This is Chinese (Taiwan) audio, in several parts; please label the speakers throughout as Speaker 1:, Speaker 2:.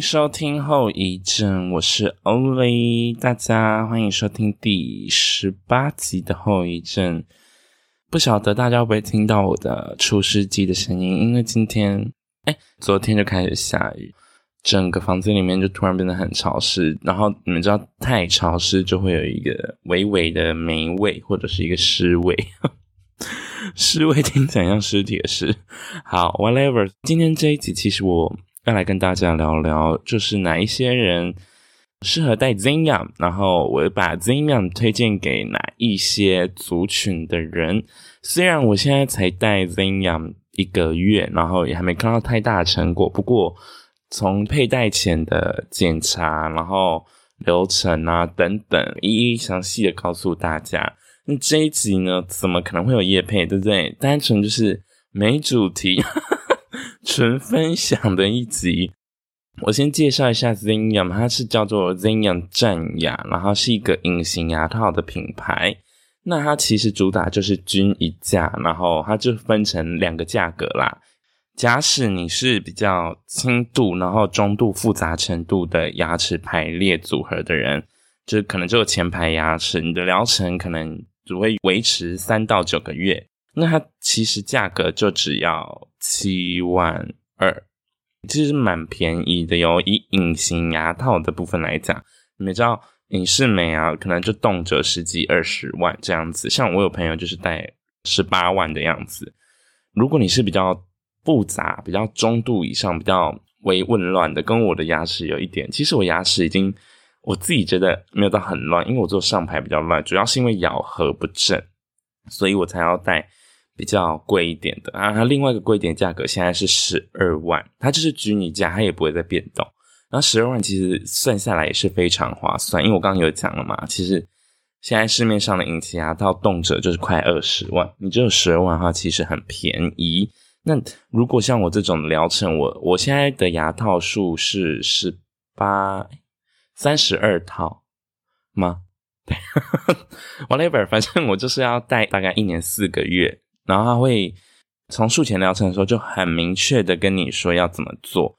Speaker 1: 收聽後遺症，我是 Oley，大家歡迎收聽第十八集的後遺症。不曉得大家會不會聽到我的除濕機的聲音，因為今天，哎，昨天就開始下雨，整個房間裡面就突然變得很潮濕，然後你們知道，太潮濕就會有一個微微的霉味或者是一個濕味，濕味聽怎樣屍體的濕。好，Whatever，今天這一集其實我。要來跟大家聊聊，就是哪一些人適合戴 Zenyum，然後我把 Zenyum 推薦給哪一些族群的人。雖然我現在才戴 Zenyum 一個月，然後也還沒看到太大的成果，不過從佩戴前的檢查，然後流程啊等等，一一詳細的告訴大家。那這一集呢，怎麼可能會有業配，對不對？單純就是沒主題。 純分享的一集，我先介紹一下 Zenyum，它是叫做 Zenyum 綻雅，然後是一個隱形牙套的品牌。那它其實主打就是均一價，然後它就分成兩個價格啦。假使你是比較輕度、然後中度複雜程度的牙齒排列組合的人，就可能只有前排牙齒，你的療程可能只會維持三到九個月。那它其實價格就只要七萬二，其實蠻便宜的喲。以隱形牙套的部分來講，你們知道隱適美啊，可能就動輒十幾二十萬這樣子。像我有朋友就是戴十八萬的樣子。如果你是比較複雜、比較中度以上、比較微紊亂的，跟我的牙齒有一點，其實我牙齒已經我自己覺得沒有到很亂，因為我做上排比較亂，主要是因為咬合不正。所以我才要帶比較貴一點的啊，它另外一個貴一點價格現在是十二萬，它就是居你價，它也不會再變動。然後十二萬其實算下來也是非常划算，因為我剛剛有講了嘛，其實現在市面上的隱形牙套動輒就是快二十萬，你只有十二萬的話，其實很便宜。那如果像我這種療程，我我現在的牙套數是十八三十二套嗎？ Whatever，反正我就是要帶大概一年四個月，然後他會從術前療程的時候就很明確的跟你說要怎麼做。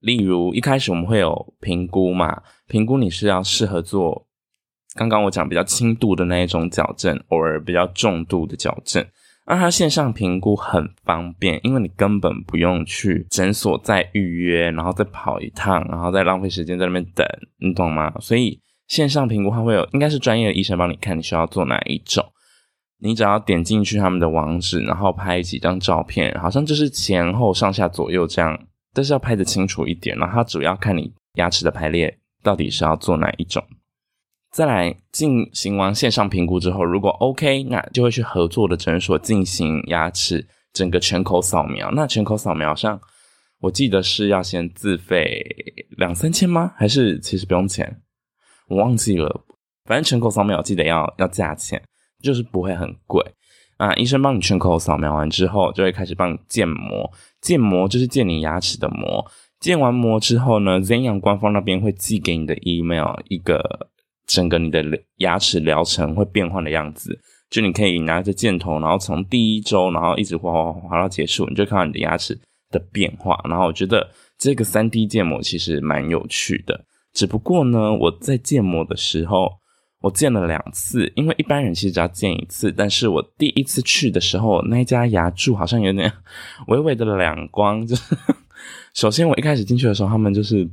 Speaker 1: 例如一開始我們會有評估嘛，評估你是要適合做剛剛我講比較輕度的那一種矯正，或比較重度的矯正。那他線上評估很方便，因為你根本不用去診所再預約，然後再跑一趟，然後再浪費時間在那邊等，你懂嗎？所以。線上評估它會有，應該是專業的醫生幫你看你需要做哪一種。你只要點進去他們的網址，然後拍幾張照片，好像就是前後、上下、左右這樣，但是要拍得清楚一點。然後它主要看你牙齒的排列到底是要做哪一種。再來進行完線上評估之後，如果 OK，那就會去合作的診所進行牙齒整個全口掃描。那全口掃描上，我記得是要先自費兩三千嗎？還是其實不用錢？我忘記了，反正全口掃描記得要要價錢，就是不會很貴啊。醫生幫你全口掃描完之後，就會開始幫你建模，建模就是建你牙齒的模。建完模之後呢，Zenyum 官方那邊會寄給你的 email 一個整個你的牙齒療程會變換的樣子，就你可以拿着箭頭，然後從第一週，然後一直滑滑滑到結束，你就看到你的牙齒的變化。然後我覺得這個 3D 建模其實蠻有趣的。只不過呢，我在建模的時候，我建了兩次，因為一般人其實只要建一次。但是我第一次去的時候，那一家牙柱好像有點微微的兩光。就是，首先我一開始進去的時候，他們就是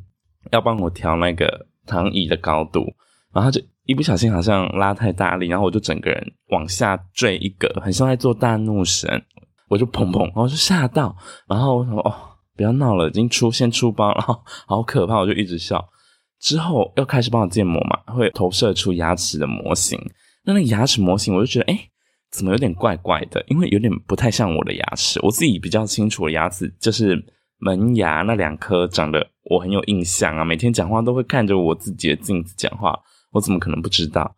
Speaker 1: 要幫我調那個躺椅的高度，然後就一不小心好像拉太大力，然後我就整個人往下墜一個，很像在做大怒神，我就砰砰，然後就嚇到，然後我想說哦，不要鬧了，已經出先出包了，然後好可怕，我就一直笑。之後又開始幫我建模嘛，會投射出牙齒的模型。那那牙齒模型，我就覺得，哎、欸，怎麼有點怪怪的？因為有點不太像我的牙齒。我自己比較清楚，牙齒就是門牙那兩顆長得我很有印象啊。每天講話都會看着我自己的鏡子講話，我怎麼可能不知道？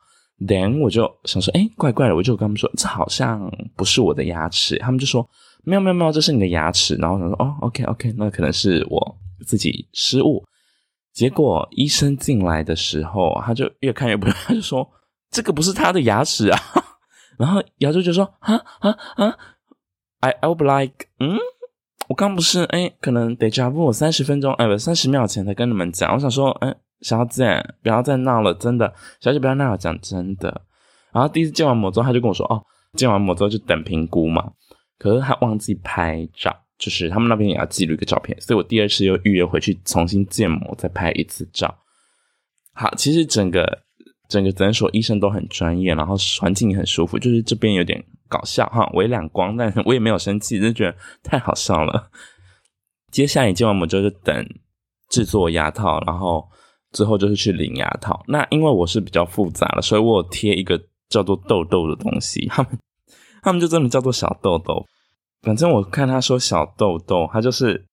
Speaker 1: 等我就想說，哎、欸，怪怪的。我就跟他們說，這好像不是我的牙齒。他們就說，沒有沒有沒有，這是你的牙齒。然後我想說，哦，OK OK，那可能是我自己失誤。結果醫生進來的時候，他就越看越不對，他就說：“這個不是他的牙齒啊。 然”然後牙周就說：“啊啊啊！I I would like。嗯，我剛不是哎，可能得加，呼我三十分鐘哎，不三十秒前才跟你們講，我想說哎，小姐不要再鬧了，真的小姐不要鬧了，講真的。然後第一次見完膜之後，他就跟我說：“哦，見完膜之後就等評估嘛。”可是他忘記拍照。就是他們那邊也要記錄一個照片，所以我第二次又預約回去重新建模，再拍一次照。好，其實整個整個診所醫生都很專業，然後環境也很舒服。就是這邊有點搞笑哈，我一兩光，但是我也沒有生氣，就覺得太好笑了。接下來建完模就是等製作牙套，然後最後就是去領牙套。那因為我是比較複雜了，所以我有貼一個叫做痘痘的東西，他們他們就專門叫做小痘痘。反正我看他說小痘痘，他就是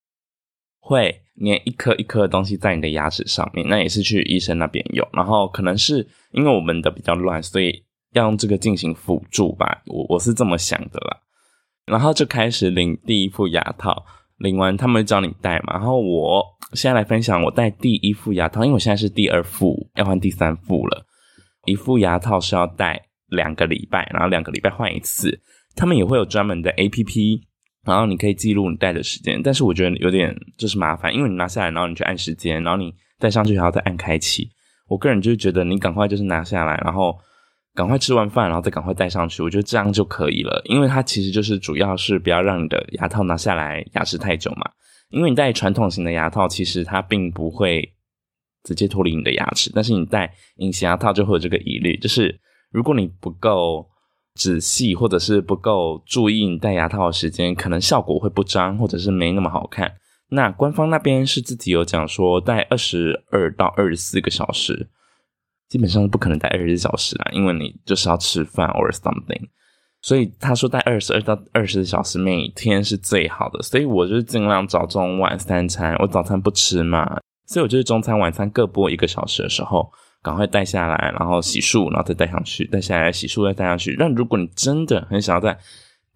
Speaker 1: 會粘一顆一顆的東西在你的牙齒上面，那也是去醫生那邊用。然後可能是因為我們的比較亂，所以要用這個進行輔助吧，我我是這麼想的啦。然後就開始領第一副牙套，領完他們教你戴嘛。然後我現在來分享我戴第一副牙套，因為我現在是第二副要換第三副了。一副牙套是要戴兩個禮拜，然後兩個禮拜換一次。他們也會有專門的 APP，然後你可以記錄你戴的時間，但是我覺得有點就是麻煩，因為你拿下來，然後你去按時間，然後你戴上去還要再按開啟。我個人就是覺得你趕快就是拿下來，然後趕快吃完飯，然後再趕快戴上去，我覺得這樣就可以了，因為它其實就是主要是不要讓你的牙套拿下來牙齒太久嘛，因為你戴傳統型的牙套，其實它並不會直接脫離你的牙齒，但是你戴隱形牙套就會有這個疑慮，就是如果你不夠。仔細或者是不夠注意你戴牙套的時間，可能效果會不彰，或者是沒那麼好看。那官方那邊是自己有講說戴二十二到二十四個小時，基本上不可能帶二十四小時啦，因為你就是要吃飯 or something。所以他說戴二十二到二十四小時每天是最好的，所以我就是盡量早中晚三餐。我早餐不吃嘛，所以我就是中餐晚餐各播一個小時的時候。趕快戴下來，然後洗漱，然後再戴上去，戴下來洗漱，再戴上去。但如果你真的很想要在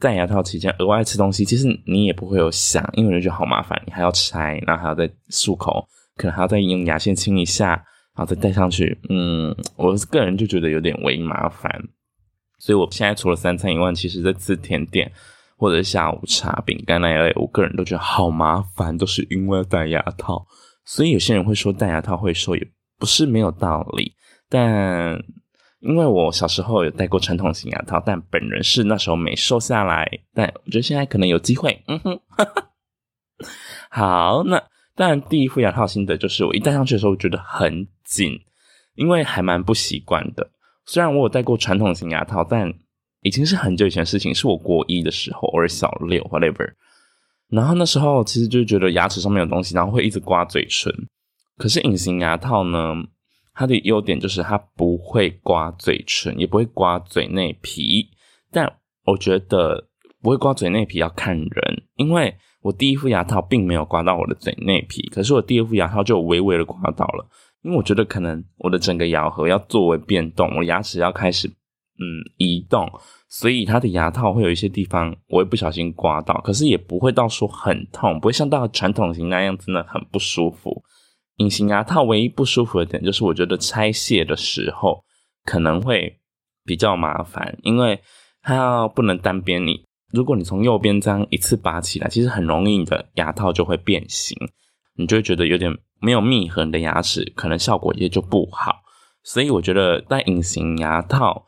Speaker 1: 戴牙套期間額外吃東西，其實你也不會有想，因為我覺得好麻煩，你還要拆，然後還要再漱口，可能還要再用牙線清一下，然後再戴上去。嗯，我個人就覺得有點微麻煩，所以我現在除了三餐以外，其實在吃甜點或者是下午茶、餅乾那一類，我個人都覺得好麻煩，都是因為要戴牙套。所以有些人會說戴牙套會瘦也。不是沒有道理，但因為我小時候有戴過傳統型牙套，但本人是那時候沒瘦下來，但我覺得現在可能有機會。嗯哼，好，那當然，第一副牙套心得就是我一戴上去的時候覺得很緊，因為還蠻不習慣的。雖然我有戴過傳統型牙套，但已經是很久以前的事情，是我國一的時候，偶爾小六，whatever。然後那時候其實就覺得牙齒上面有東西，然後會一直刮嘴唇。可是隱形牙套呢？它的優點就是它不會刮嘴唇，也不會刮嘴內皮。但我覺得不會刮嘴內皮要看人，因為我第一副牙套並沒有刮到我的嘴內皮，可是我第二副牙套就微微的刮到了。因為我覺得可能我的整個咬合要作為變動，我牙齒要開始嗯移動，所以它的牙套會有一些地方我會不小心刮到，可是也不會到說很痛，不會像到傳統型那樣真的很不舒服。隱形牙套唯一不舒服的點，就是我覺得拆卸的時候可能會比較麻煩，因為它要不能單邊你，如果你從右邊這樣一次拔起來，其實很容易你的牙套就會變形，你就會覺得有點沒有密合，你的牙齒可能效果也就不好。所以我覺得戴隱形牙套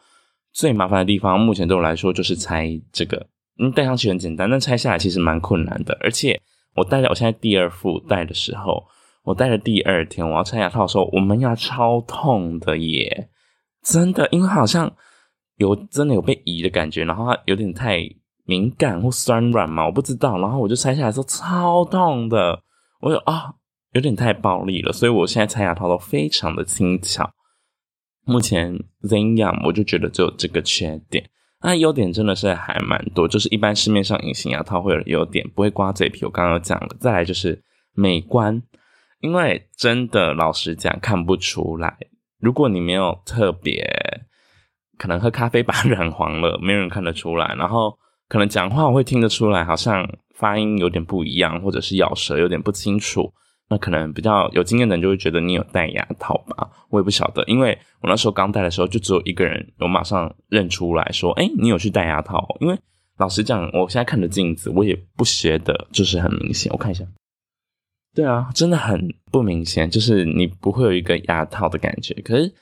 Speaker 1: 最麻煩的地方，目前對我來說就是拆這個，你戴上去很簡單，但拆下來其實蠻困難的。而且我戴着，我現在第二副戴的時候。我戴了第二天，我要拆牙套的時候，我門牙超痛的耶！真的，因為好像有真的有被移的感覺，然後它有點太敏感或酸軟嘛，我不知道。然後我就拆下來說超痛的，我有啊、哦，有點太暴力了，所以我現在拆牙套都非常的輕巧。目前 Zenyum 我就覺得只有這個缺點，那優點真的是還蠻多，就是一般市面上隱形牙套會有優點，不會刮嘴皮，我剛剛有講了。再來就是美觀。因為真的，老實講，看不出來。如果你沒有特別，可能喝咖啡把它染黃了，沒有人看得出來。然後可能講話我會聽得出來，好像發音有點不一樣，或者是咬舌有點不清楚。那可能比較有經驗的人就會覺得你有戴牙套吧。我也不曉得，因為我那時候剛戴的時候，就只有一個人我馬上認出來說：“哎、欸，你有去戴牙套哦。”因為老實講，我現在看的鏡子，我也不覺得就是很明顯。我看一下。對啊，真的很不明顯，就是你不會有一個牙套的感覺。可是，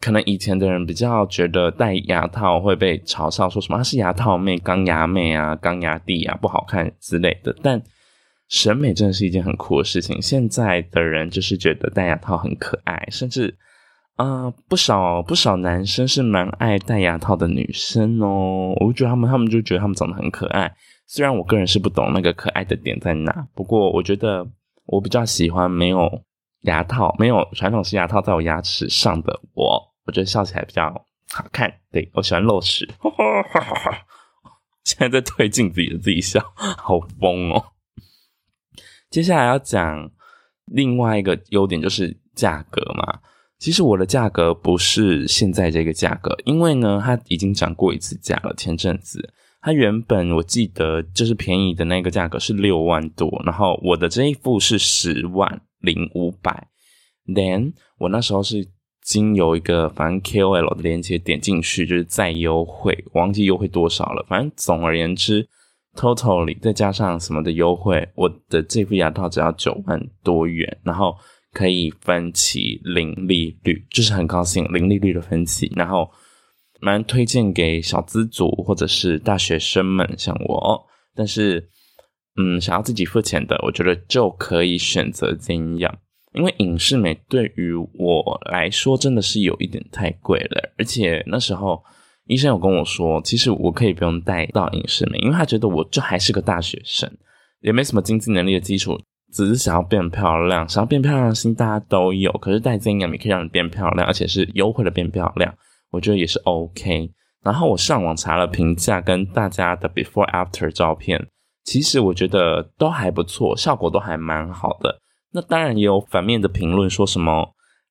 Speaker 1: 可能以前的人比較覺得戴牙套會被嘲笑，說什麼，啊，是牙套妹、鋼牙妹啊、鋼牙弟啊，不好看之類的。但審美真的是一件很酷的事情。現在的人就是覺得戴牙套很可愛，甚至啊，呃，不少不少男生是蠻愛戴牙套的女生哦。我覺得他們，他們就覺得他們長得很可愛。雖然我個人是不懂那個可愛的點在哪，不過我覺得。我比較喜歡沒有牙套，沒有傳統式牙套在我牙齒上的我，我覺得笑起來比較好看。對，我喜歡露齒，現在在對鏡子裡的自己笑，好瘋哦！接下來要講另外一個優點，就是價格嘛。其實我的價格不是現在這個價格，因為呢，它已經漲過一次價了，前陣子。它原本我記得就是便宜的那個價格是六萬多，然後我的這一副是十萬零五百。Then 我那時候是經由一個反正 KOL 的連接點進去，就是再優惠，忘記優惠多少了。反正總而言之，totally 再加上什麼的優惠，我的這副牙套只要九萬多元，然後可以分期零利率，就是很高興零利率的分期，然後。蠻推薦給小資族或者是大學生們，像我，但是，嗯，想要自己付錢的，我覺得就可以選擇綻雅，因為隱適美對於我來說真的是有一點太貴了。而且那時候醫生有跟我說，其實我可以不用戴到隱適美，因為他覺得我就還是個大學生，也沒什麼經濟能力的基礎，只是想要變漂亮，想要變漂亮的心大家都有，可是戴綻雅也可以讓你變漂亮，而且是優惠的變漂亮。我覺得也是 OK。然後我上網查了評價，跟大家的 before after 照片，其實我覺得都還不錯，效果都還蠻好的。那當然也有反面的評論，說什麼，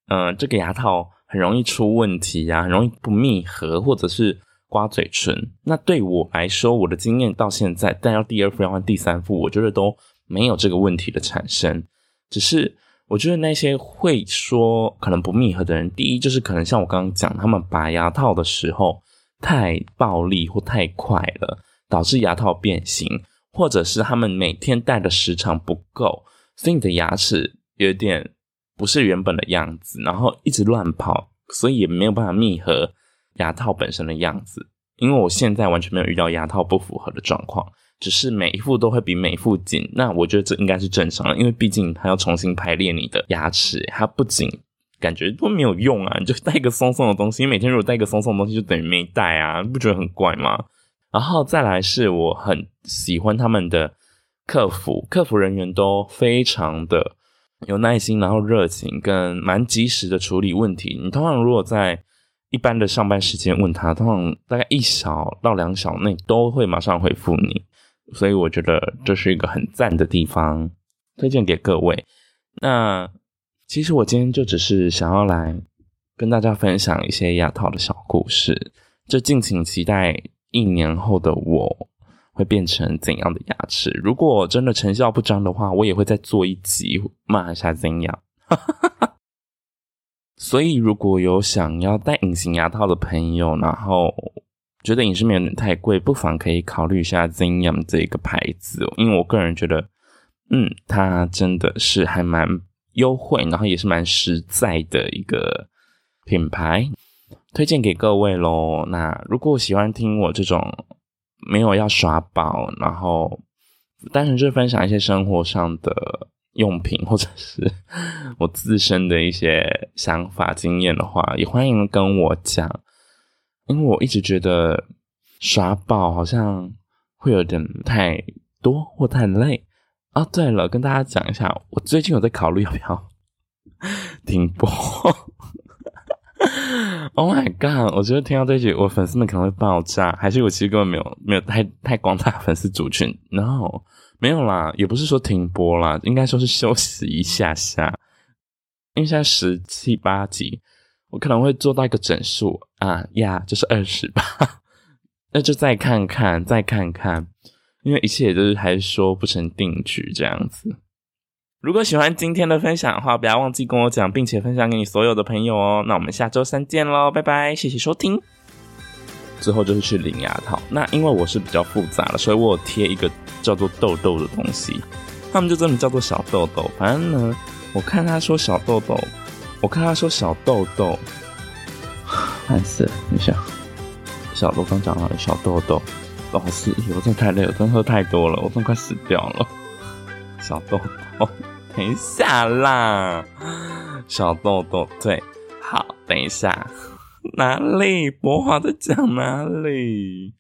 Speaker 1: 嗯、呃，這個牙套很容易出問題呀、啊，很容易不密合，或者是刮嘴唇。那對我來說，我的經驗到現在但要第二副、要換第三副，我覺得都沒有這個問題的產生，只是。我覺得那些會說可能不密合的人，第一就是可能像我剛剛講，他們拔牙套的時候太暴力或太快了，導致牙套變形，或者是他們每天戴的時長不夠，所以你的牙齒有點不是原本的樣子，然後一直亂跑，所以也沒有辦法密合牙套本身的樣子。因為我現在完全沒有遇到牙套不符合的狀況。只是每一副都會比每一副緊，那我覺得這應該是正常的，因為畢竟他要重新排列你的牙齒，它不緊感覺都沒有用啊，你就戴一個松松的東西，你每天如果戴一個松松的東西，就等於沒戴啊，不覺得很怪嗎？然後再來是我很喜歡他們的客服，客服人員都非常的有耐心，然後熱情，跟蠻及時的處理問題。你通常如果在一般的上班時間問他，通常大概一小到兩小時內都會馬上回覆你。所以我覺得這是一個很讚的地方，推薦給各位。那其實我今天就只是想要來跟大家分享一些牙套的小故事，就敬請期待一年後的我會變成怎樣的牙齒。如果真的成效不彰的話，我也會再做一集罵一下怎樣。 所以如果有想要戴隱形牙套的朋友，然後。覺得隱適美有點太貴，不妨可以考慮一下 Zenyum 這個牌子。哦，因為我個人覺得，嗯，它真的是還蠻優惠，然後也是蠻實在的一個品牌，推薦給各位嘍。那如果喜歡聽我這種沒有要耍寶，然後單純就分享一些生活上的用品，或者是我自身的一些想法、經驗的話，也歡迎跟我講。因為我一直覺得耍寶好像會有點太多或太累啊。對了，跟大家講一下，我最近有在考慮要不要停播。 oh my god！我覺得聽到這句，我粉絲們可能會爆炸。還是我其實根本沒有沒有太太廣大粉絲族群。No，沒有啦，也不是說停播啦，應該說是休息一下下。因為現在十七八集。我可能會做到一個整數啊呀，yeah, 就是二十吧。那就再看看，再看看，因為一切也就是還說不成定局這樣子。如果喜歡今天的分享的話，不要忘記跟我講，並且分享給你所有的朋友哦、喔。那我們下周三見嘍，拜拜！謝謝收聽。之後就是去領牙套，那因為我是比較複雜的，所以我有貼一個叫做豆豆的東西，他們就專門叫做小豆豆。反正呢，我看他說小豆豆。我看他說小豆豆，汗死！等一下，小豆剛講到小豆豆，老、哦、師，我真的太累，我真的喝太多了，我真的快死掉了。小豆豆，等一下啦，小豆豆，對，好，等一下，哪裡？博華在講哪裡？